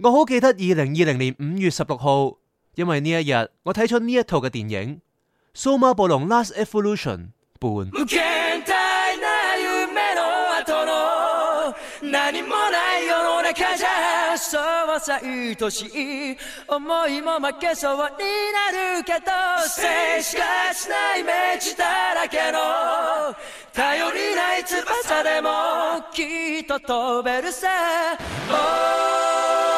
我好記得二零二零年五月十六號，因為呢一日我睇咗呢一套嘅電影《數碼暴龍 Last Evolution》絆。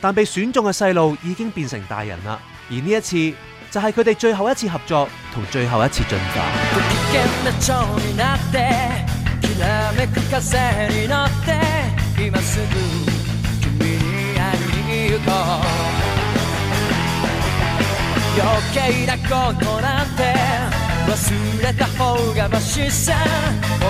但被選中嘅細路已經變成大人啦，而呢一次就係佢哋最後一次合作同最後一次進化。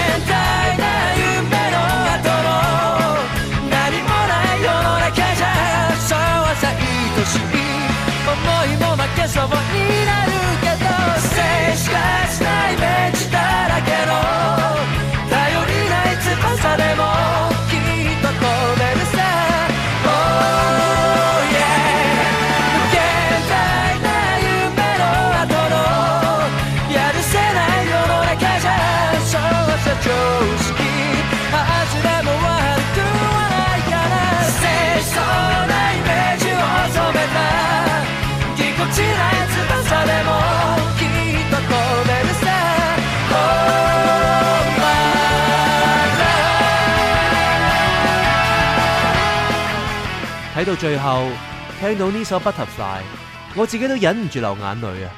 睇到最後聽到呢首《Butterfly》，我自己都忍唔住流眼淚啊！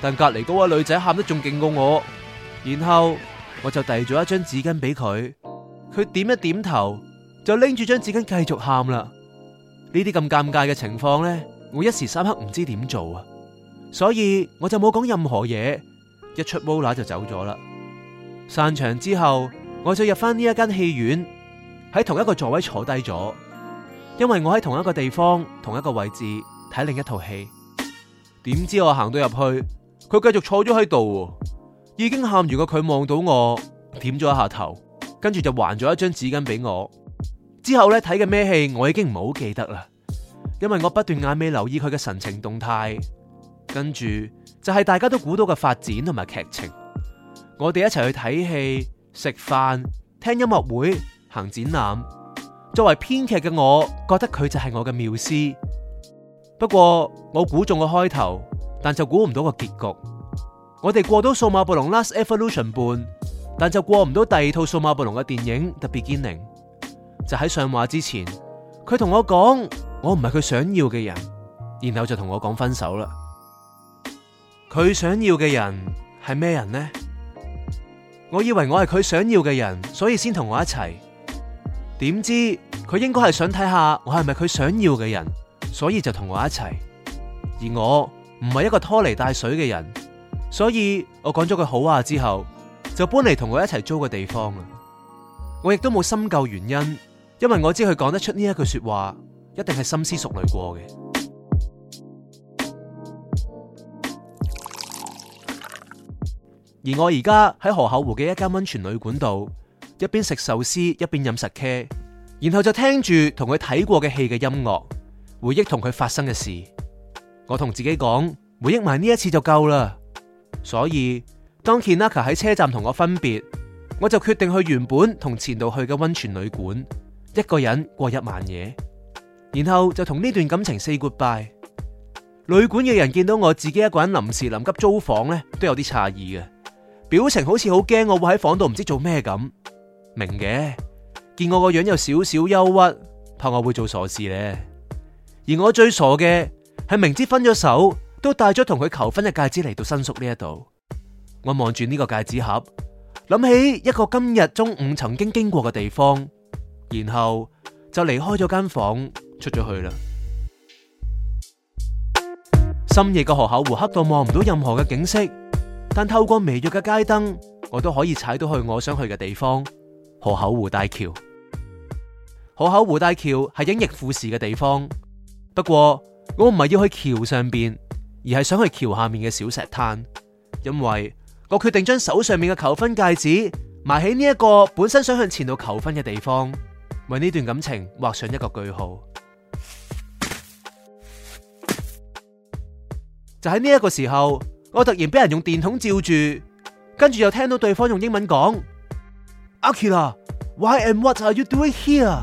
但隔籬嗰位女仔喊得仲勁過我，然後我就遞咗一張紙巾俾佢，佢點一點頭就拎住張紙巾繼續喊啦。呢啲咁尷尬嘅情況呢，我一時三刻唔知點做啊，所以我就冇講任何嘢，一出 roller 就走咗啦。散場之後，我就入翻呢一間戲院，喺同一個座位坐低咗。因為我喺同一個地方同一個位置睇另一套戲，點知我行到入去，佢繼續坐咗喺度，已經喊完嘅佢望到我，點咗一下頭，跟住就還咗一張紙巾俾我。之後咧睇嘅咩戲我已經唔好記得啦，因為我不斷眼尾留意佢嘅神情動態，跟住就係大家都估到嘅發展同埋劇情。我哋一齊去睇戲、食飯、聽音樂會、行展覽。作為編劇嘅我覺得佢就係我嘅妙思繆思，不過我估中個開頭，但就估唔到個結局。我哋過到數碼暴龍 Last Evolution 絆，但就過唔到第二套數碼暴龍嘅電影 The Beginning。就喺上畫之前，佢同我講我唔係佢想要嘅人，然後就同我講分手啦。佢想要嘅人係咩人呢？我以為我係佢想要嘅人，所以先同我一齊，點知？佢應該係想睇下我係咪佢想要嘅人，所以就同我一齊。而我唔係一個拖泥帶水嘅人，所以我講咗句好話之後，就搬離同佢一齊租嘅地方啦。我亦都冇深究原因，因為我知佢講得出呢一句說話，一定係深思熟慮過嘅。而我而家喺河口湖嘅一間溫泉旅館度，一邊食壽司一邊飲 sake。然後就聽住同佢睇過嘅戲嘅音樂，回憶同佢發生嘅事。我同自己講，回憶埋呢一次就夠啦。所以當 kinaka 喺車站同我分別，我就決定去原本同前度去嘅溫泉旅館，一個人過一晚夜。然後就同呢段感情 say goodbye。旅館嘅人見到我自己一個人臨時臨急租房呢，都有啲詫異嘅，表情好似好驚我會喺房度唔知做咩咁，明嘅。見我個樣有少少憂鬱，怕我會做傻事咧。而我最傻嘅係明知分咗手，都帶咗同佢求婚嘅戒指嚟到新宿呢一度。我望住呢個戒指盒，諗起一個今日中午曾經經過嘅地方，然後就離開咗間房出咗去啦。深夜嘅河口湖黑到望唔到任何嘅景色，但透過微弱嘅街燈，我都可以踩到去我想去嘅地方——河口湖大橋。河口，口湖大橋係影逆富士嘅地方，不過我唔係要去橋上邊，而係想去橋下面嘅小石灘，因為我決定將手上面嘅求婚戒指埋喺呢一個本身想向前度求婚嘅地方，為呢段感情畫上一個句號。就喺呢一個時候，我突然俾人用電筒照住，跟住又聽到對方用英文講，阿 Kira，why and what are you doing here？